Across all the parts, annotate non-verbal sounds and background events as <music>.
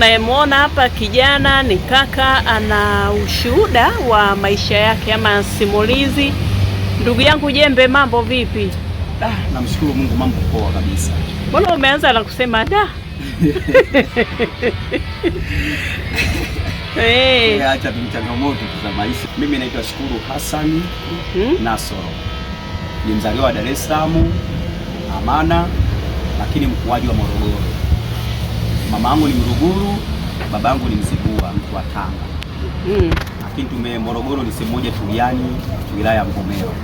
unayemwona hapa kijana ni kaka, ana ushuhuda wa maisha yake ama simulizi. Ndugu yangu Jembe, mambo vipi? Ah, namshukuru Mungu, mambo poa kabisa. Mbona umeanza na kusema da? Hey. <laughs> Eh. Eh, acha changamoto za maisha. Mimi naitwa Shukuru Hassan mm -hmm. Nasoro ni mzaliwa wa Dar es Salaam Amana, lakini mkuaji wa Morogoro mamangu ni Mruguru, babangu ni Mzigua, mtu wa Tanga mm. Lakini tume Morogoro ni sehemu moja Tuliani, wilaya ya Mvomero.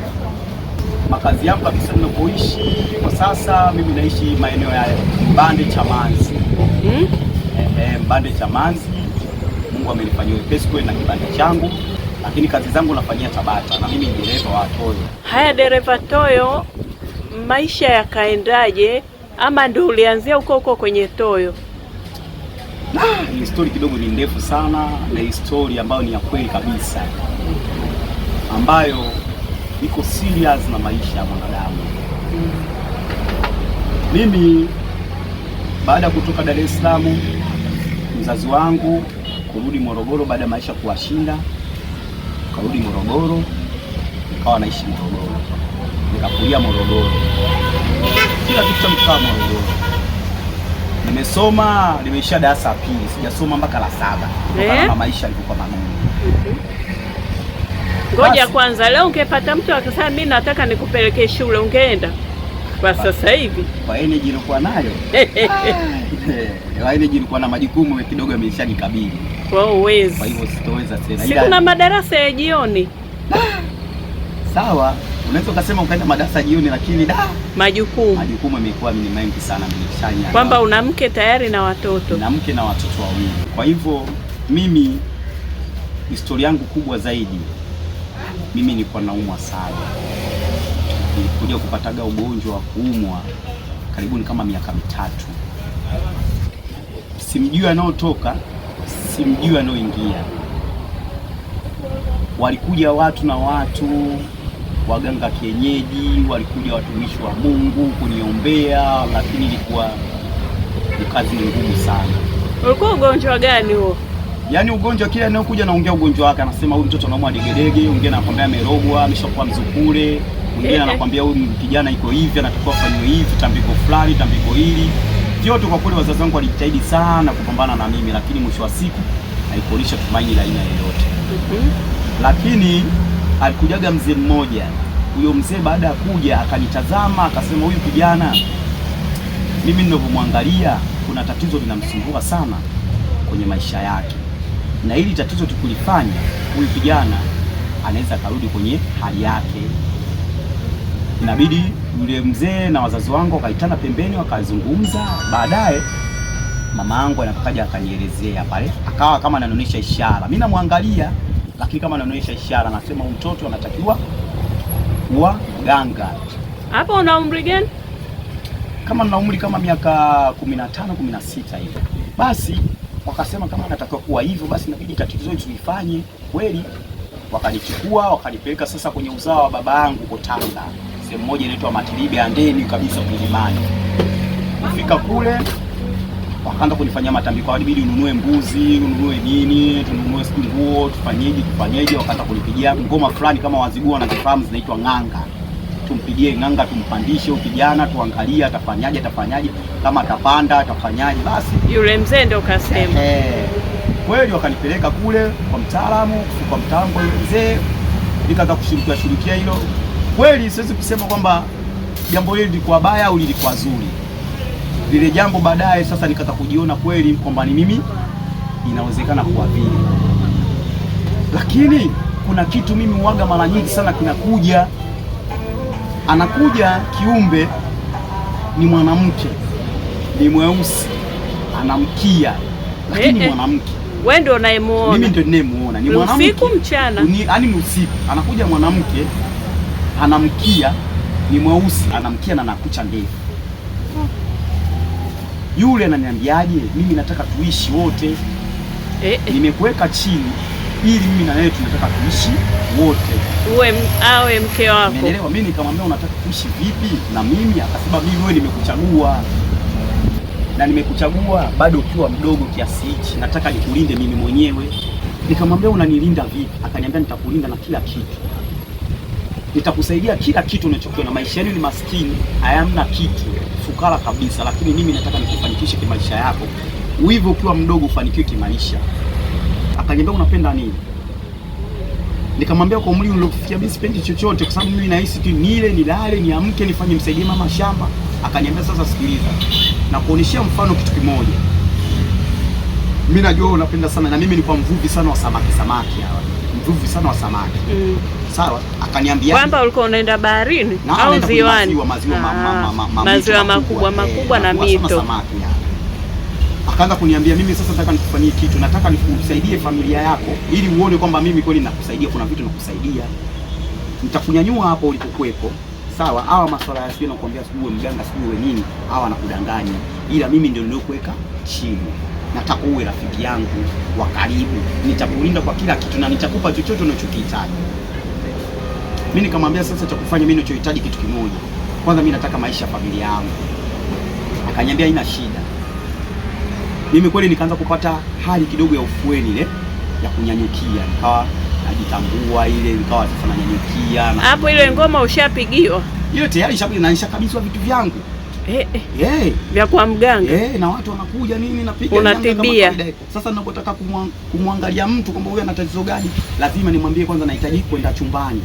Makazi yangu kabisa ninapoishi kwa sasa, mimi naishi maeneo ya Mbande Manzi mm. Eh, Mbande Manzi. Mungu amenifanyia wepesi kweli na kibanda changu, lakini kazi zangu nafanyia Tabata na mimi ni dereva wa toyo. Haya, dereva toyo, maisha yakaendaje? Ama ndio ulianzia huko huko kwenye toyo? Ah, hii story kidogo ni ndefu sana, na hii story ambayo ni ya kweli kabisa, ambayo iko serious na maisha ya mwanadamu. Mimi baada ya kutoka Dar es Salaam, mzazi wangu kurudi Morogoro baada ya maisha kuwashinda, karudi Morogoro, nikawa naishi Morogoro, nikakulia Morogoro, kila kitu cha mkaa Morogoro nimesoma nimeishia darasa pili, sijasoma mpaka la saba kutokana eh? maisha yalikuwa magumu. Ngoja kwanza, leo ungepata mtu akasema mimi nataka nikupeleke shule, ungeenda? Kwa sasa hivi kwa nini jilikuwa nayo <laughs> energy jilikuwa na majukumu kidogo yameshajikabili. kwa hiyo sitoweza tena. Si yaani kuna madarasa ya jioni <laughs> sawa, unaweza ukasema ukaenda madarasa jioni, lakini da majukumu majukumu yamekuwa ni mengi sana, mnishanya kwamba una mke tayari na watoto na mke na watoto wawili. Kwa hivyo mimi historia yangu kubwa zaidi, mimi nilikuwa naumwa sana, nilikuja kupataga ugonjwa wa kuumwa karibuni kama miaka mitatu. Simjui anaotoka, simjui anaoingia. Walikuja watu na watu waganga kienyeji, walikuja watumishi wa Mungu kuniombea, lakini ilikuwa kazi ngumu sana. Ulikuwa ugonjwa gani huo? Yaani ugonjwa kila anayokuja naongea ugonjwa wake, anasema huyu mtoto anaumwa degedege, mwingine anakwambia amerogwa, ameshakuwa mzukule, mwingine anakwambia huyu kijana iko hivi, anatakiwa afanywe hivi, tambiko fulani, tambiko hili vyote. Kwa kweli wazazi wangu walijitahidi sana kupambana na mimi, lakini mwisho wa siku haikuonisha tumaini la aina yoyote. mm -hmm. lakini alikujaga mzee mmoja. Huyo mzee baada ya kuja akanitazama, akasema huyu kijana, mimi ninavyomwangalia kuna tatizo linamsumbua sana kwenye maisha yake, na hili tatizo tukulifanya, huyu kijana anaweza akarudi kwenye hali yake. Inabidi yule mzee na wazazi wangu wakaitana pembeni, wakazungumza. Baadaye mama yangu anakuja akanielezea pale, akawa kama ananionyesha ishara, mimi namwangalia lakini kama anaonyesha ishara, anasema mtoto anatakiwa kuwa mganga. Hapo una umri gani? Kama na umri kama miaka 15 16 hivi. Basi wakasema kama anatakiwa kuwa hivyo, basi inabidi tatizo hili tuifanye kweli. Wakanichukua wakanipeleka sasa kwenye uzao wa baba yangu huko Tanga, sehemu moja inaitwa Matilibe andeni kabisa milimani. Kufika kule wakaanza kunifanyia matambiko, ilibidi ununue mbuzi, ununue nini, tununue nguo, tufanyeje, tufanyeje. Wakaanza kunipigia ngoma fulani kama Wazigua wanazifahamu zinaitwa ng'anga, tumpigie ng'anga, tumpandishe kijana, tuangalie atafanyaje, atafanyaje, kama atapanda atafanyaje. Basi yule mzee ndio kasema kweli, wakanipeleka kule kwa mtaalamu, kwa mtaalamu, kwa yule mzee, nikaanza kushirikia shirikia hilo. Kweli siwezi kusema kwamba jambo hili lilikuwa baya au lilikuwa zuri lile jambo baadaye sasa nikata kujiona kweli kwamba ni mimi inawezekana kuwa vile, lakini kuna kitu mimi waga mara nyingi sana kinakuja, anakuja kiumbe ni mwanamke ni mweusi anamkia, lakini eh, eh. mwanamke wewe ndio unayemuona, mimi ndio ninayemuona ni mwanamke usiku mchana, yaani ni usiku, anakuja mwanamke anamkia, ni mweusi anamkia na nakucha ndefu yule ananiambiaje, mimi nataka tuishi wote eh, eh. Nimekuweka chini ili mimi na yeye tunataka tuishi wote, uwe awe mke wako, umeelewa? Mimi nikamwambia unataka kuishi vipi na mimi? Akasema mimi wewe nimekuchagua na nimekuchagua bado ukiwa mdogo kiasi hichi, nataka nikulinde mimi mwenyewe. Nikamwambia unanilinda vipi? Akaniambia nitakulinda na kila kitu nitakusaidia kila kitu unachokiona. Maisha yenu ni maskini, hayamna kitu, fukara kabisa, lakini mimi nataka nikufanikishe kimaisha yako. Wivu ukiwa mdogo ufanikiwe kimaisha. Akaniambia unapenda nini? Nikamwambia kwa umri uliofikia mimi sipendi chochote, kwa sababu mimi nahisi tu nile, nilale, niamke, nifanye, msaidie mama shamba. Akaniambia sasa, sikiliza na kuonyeshia mfano kitu kimoja. Mimi najua unapenda sana, na mimi ni kwa mvuvi sana wa samaki samaki hawa mvuvi sana wa samaki mm. Sawa, akaniambia kwamba ulikuwa unaenda baharini au ziwani, maziwa maziwa ah, makubwa makubwa eh, na mito. Akaanza kuniambia mimi, sasa nataka nikufanyie kitu, nataka nikusaidie familia yako, ili uone kwamba mimi kweli nakusaidia, kuna vitu nakusaidia, nitakunyanyua hapo ulipokuwepo. Sawa, hawa maswala ya sio, nakwambia, sijui mganga, sijui nini, hawa nakudanganya, ila mimi ndio niliokuweka chini nataka uwe rafiki yangu wa karibu, nitakulinda kwa kila kitu na nitakupa chochote unachokihitaji. Mimi nikamwambia sasa, cha kufanya mimi ninachohitaji kitu kimoja, kwanza mimi nataka maisha ya familia yangu. Akaniambia haina shida. Mimi kweli nikaanza kupata hali kidogo ya ufueni ile ya kunyanyukia, nikawa najitambua ile, nikawa sasa nanyanyukia. Hapo ile ngoma ushapigiwa? Hiyo tayari shabiki na nishakabidhiwa vitu vyangu eh, eh. vya kwa mganga yeah, na watu wanakuja nini, napiga unatibia. Sasa ninapotaka kumwangalia mtu kwamba huyu ana tatizo gani, lazima nimwambie kwanza, nahitaji kwenda chumbani.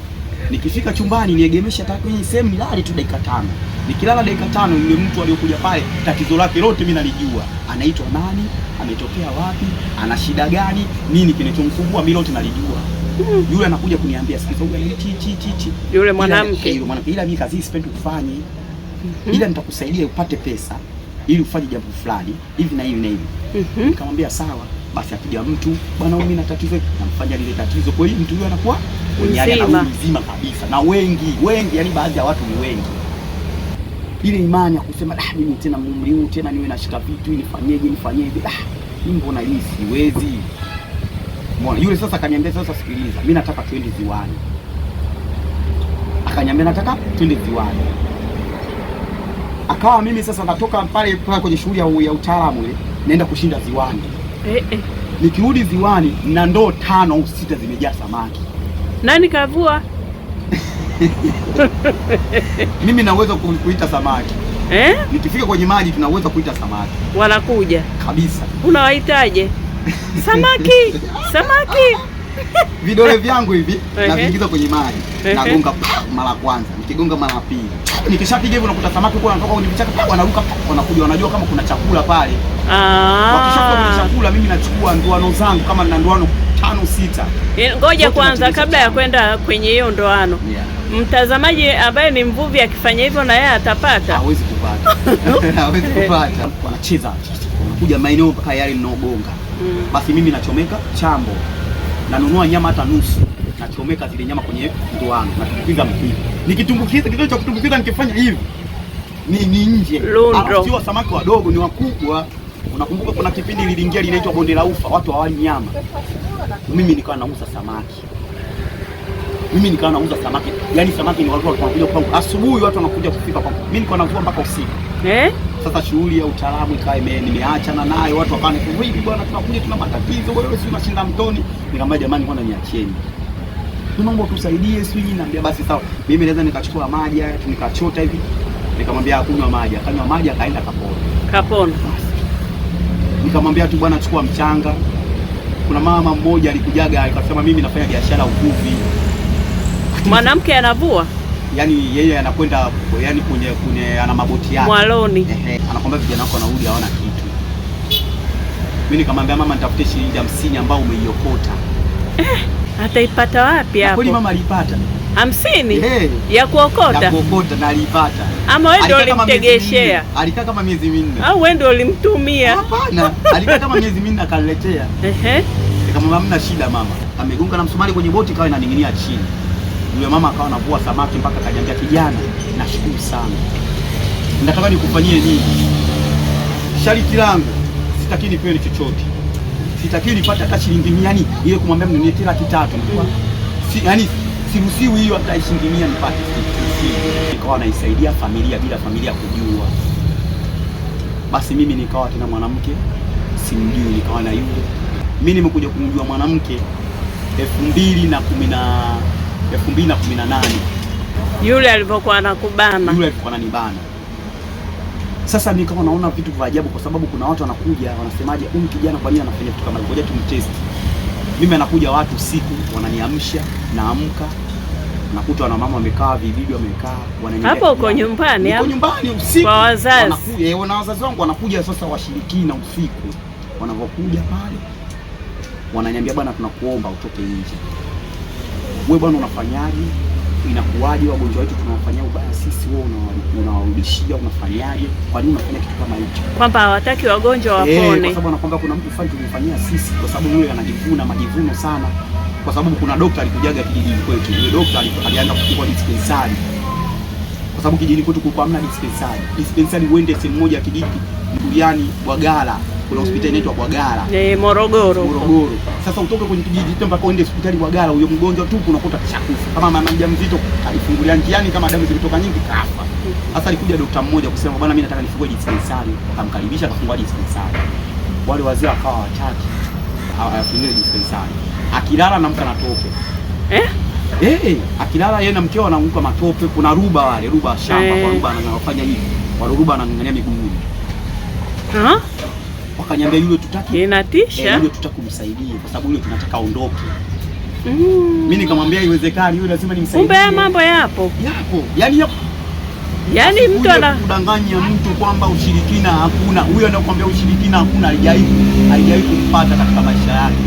Nikifika chumbani niegemesha hata kwenye sehemu nilale tu dakika tano. Nikilala dakika tano, yule mtu aliyokuja pale tatizo lake lote mimi nalijua, anaitwa nani, ametokea wapi, ana shida gani, nini kinachomsumbua, mimi lote nalijua. Hmm. Yule anakuja kuniambia sikiza, huyu hichi hichi hichi, yule mwanamke yule mwanamke, ila mimi kazi sipendi kufanya mm -hmm. ila nitakusaidia upate pesa ili ufanye jambo fulani hivi na hivi na hivi mm -hmm. sawa basi. Akija mtu bwana, mimi na tatizo, namfanya lile tatizo. Kwa hiyo mtu huyo anakuwa kwenye hali mzima kabisa, na wengi wengi, yani baadhi ya watu ni wengi ile imani ya kusema ah, mimi tena muumri huu tena niwe nashika vitu nifanyeje, nifanyeje? Ah, mimi mbona hii siwezi. Mbona yule sasa akaniambia, sasa sikiliza, mimi nataka twende ziwani. Akaniambia nataka twende ziwani akawa mimi sasa natoka pale kwenye shughuli ya, ya utaalamu ile naenda kushinda ziwani eh, eh. Nikirudi ziwani na ndoo tano au sita zimejaa samaki. Nani kavua? <laughs> mimi naweza kuita samaki eh? Nikifika kwenye maji tunaweza kuita samaki, wanakuja kabisa. Unawaitaje? <laughs> samaki samaki <laughs> vidole vyangu hivi okay. naviingiza kwenye maji okay. nagonga mara kwanza, nikigonga mara pili, nikishapiga hivyo nakuta samaki huko wanatoka kwenye vichaka, wanaruka wanakuja, wanajua kama kuna chakula pale. Ah. Wakishakuwa kuna chakula, mimi nachukua ndoano zangu, kama nina ndoano tano sita. Ngoja kwanza, kabla ya kwenda kwenye hiyo ndoano yeah. Mtazamaji ambaye ni mvuvi akifanya hivyo na yeye atapata, hawezi kupata, <laughs> hawezi kupata. Wanacheza wanakuja maeneo tayari mnaogonga, mm. basi mimi nachomeka chambo nanunua nyama hata nusu, nachomeka zile nyama kwenye ndoano, natumbukiza mpira, nikitumbukiza kitendo cha kutumbukiza nikifanya hivi ni ni nje, sio samaki wadogo, ni wakubwa. Unakumbuka kuna kipindi liliingia linaitwa bonde la ufa, watu hawali nyama, mimi nikawa nauza samaki mimi nikawa nauza samaki, yani samaki ni watu walikuwa wanakuja kwangu asubuhi, watu wanakuja kufika kwangu, mimi nilikuwa nauza mpaka usiku eh? Sasa shughuli ya utaalamu ikawa nimeachana nayo, watu wakawa hivi, bwana, tunakuja tuna matatizo, wewe si unashinda mtoni. Nikamwambia jamani, bwana, niachieni, tunaomba tusaidie, sijui naambia, basi sawa, mimi naweza nikachukua maji haya tu nikachota hivi. Nikamwambia akunywa maji, akanywa maji, akaenda kapona, kapona. Nikamwambia tu bwana, chukua mchanga. Kuna mama mmoja alikujaga akasema, mimi nafanya biashara uvuvi. Mwanamke anavua yani yeye anakwenda yani kwenye kwenye ana maboti yake mwaloni, anakwambia vijana wako wanarudi hawana kitu. Mimi nikamwambia mama, nitafute shilingi hamsini ambayo umeiokota. Eh, ataipata wapi hapo? Kweli mama alipata hamsini hey, ya kuokota ya kuokota na alipata. Ama wewe ndio ulimtegeshea? Alikaa kama miezi minne. Au wewe ndio ulimtumia? Hapana, alikaa kama miezi minne akaniletea. Ehe, nikamwambia hamna shida mama. Amegonga na msumari kwenye boti, kawa inaning'inia chini yule mama akawa anavua samaki mpaka akaniambia, kijana, nashukuru sana, nataka nikufanyie nini? Sharti langu sitaki nipewe chochote, sitaki nipate hata shilingi mia. Yani ile kumwambia mnunulie laki tatu si, yani siruhusiwi hiyo, hata shilingi mia nipate. Nikawa naisaidia familia bila familia kujua. Basi mimi nikawa tena mwanamke simjui, nikawa na yule mimi nimekuja kumjua mwanamke elfu mbili na kumi na na na 2018 yule alivyokuwa anakubana, yule alikuwa ananibana. Sasa mimi kama naona vitu vya ajabu, kwa sababu kuna watu wanakuja wanasemaje, huyu kijana kwa nini anafanya vitu kama hivyo? Ngoja tumtest. Mimi anakuja watu siku wananiamsha, naamka nakuta wana mama wamekaa, vibibi wamekaa, wananiambia hapo uko nyumbani, hapo nyumbani usiku kwa wazazi, wanakuja eh, wana wazazi wangu wanakuja sasa, washirikina usiku wanavyokuja pale, wananiambia bwana, tunakuomba utoke nje we bwana, unafanyaje? Inakuwaje wagonjwa wetu tunawafanyia ubaya sisi, wewe unawarudishia? Unafanyaje? kwa nini unafanya kitu kama hicho, kwamba hawataki wagonjwa eh, wapone? Kwa sababu anakwambia kuna mtu fulani tumemfanyia sisi, kwa sababu yule anajivuna majivuno sana, kwa sababu kuna dokta alikujaga kijijini kwetu. Yule dokta alianza kufungua dispensari kwa sababu kijijini kwetu kulikuwa hamna dispensari. Dispensari uende sehemu moja ya kijiji Mbuyani Bwagala kuna hospitali inaitwa Bwagara eh, Morogoro Morogoro. Sasa utoke kwenye kijiji hicho mpaka uende hospitali Bwagara, huyo mgonjwa tu unakuta kishakufa. Kama mama mjamzito alifungulia njiani, kama damu zilitoka nyingi kafa. Sasa alikuja daktari mmoja kusema, bwana, mimi nataka nifungue dispensari. Akamkaribisha akafungua dispensari, wale wazee wakawa wachache hawafungue dispensari, akilala na mke anatoke eh Eh, akilala yeye na mkeo anaanguka matope. Kuna ruba wale ruba shamba, hey. Eh. Kwa ruba anafanya hivi, kwa ruba anang'ang'ania miguuni. Uh -huh wakaniambia yule tutaki, inatisha eh, yule tutakumsaidia kwa sababu yule tunataka aondoke. Mm. Mimi nikamwambia iwezekani, yule lazima nimsaidie. Kumbe haya mambo yapo yapo, yani yapo Yaani, yaani mtu ana kudanganya mtu kwamba ushirikina hakuna. Huyo anakuambia ushirikina hakuna, haijawahi haijawahi kumpata katika maisha yake,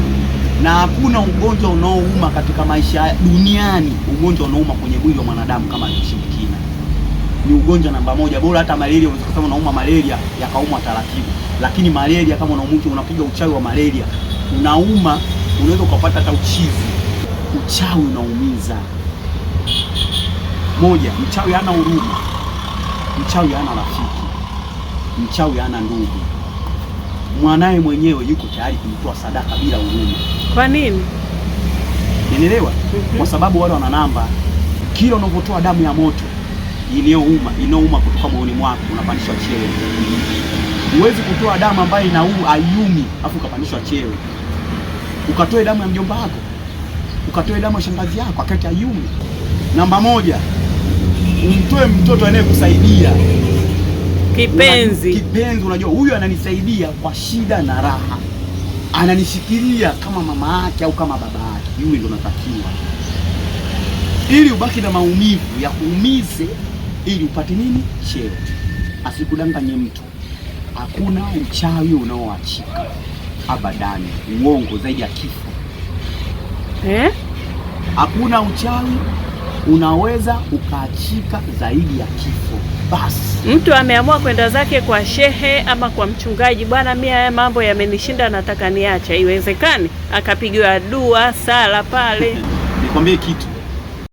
na hakuna ugonjwa unaouma katika maisha duniani, ugonjwa unaouma kwenye mwili wa mwanadamu kama ushirikina. Ni ugonjwa namba moja, bora hata malaria. Unaweza kusema unauma malaria yakauma taratibu, lakini malaria kama unaumwa, unapiga uchawi wa malaria, unauma, unaweza ukapata hata uchizi. Uchawi unaumiza. Moja, mchawi hana huruma, mchawi hana rafiki, mchawi hana ndugu. Mwanaye mwenyewe yuko tayari kumtoa sadaka bila huruma. Kwa nini? Nielewa. Mhm. Kwa sababu wale wana namba. Kila unapotoa damu ya moto inayouma inauma kutoka moyoni mwako unapandishwa cheo. Huwezi kutoa damu ambayo inauu ayumi afu ukapandishwa cheo, ukatoe damu ya mjomba wako, ukatoe damu ya shangazi yako akati ayumi Namba moja, umtoe mtoto anayekusaidia kipenzi. Una, kipenzi, unajua huyu ananisaidia kwa shida na raha, ananishikilia kama mama yake au kama baba yake, yule ndo natakiwa, ili ubaki na maumivu ya kuumize, ili upate nini? Cheo. Asikudanganye mtu. Hakuna uchawi unaoachika abadani, uongo zaidi ya kifo eh? Hakuna uchawi unaweza ukaachika zaidi ya kifo. Basi mtu ameamua kwenda zake kwa shehe ama kwa mchungaji, bwana, mimi haya mambo yamenishinda, nataka niacha, iwezekani akapigiwa dua sala pale. <laughs> Nikwambie kitu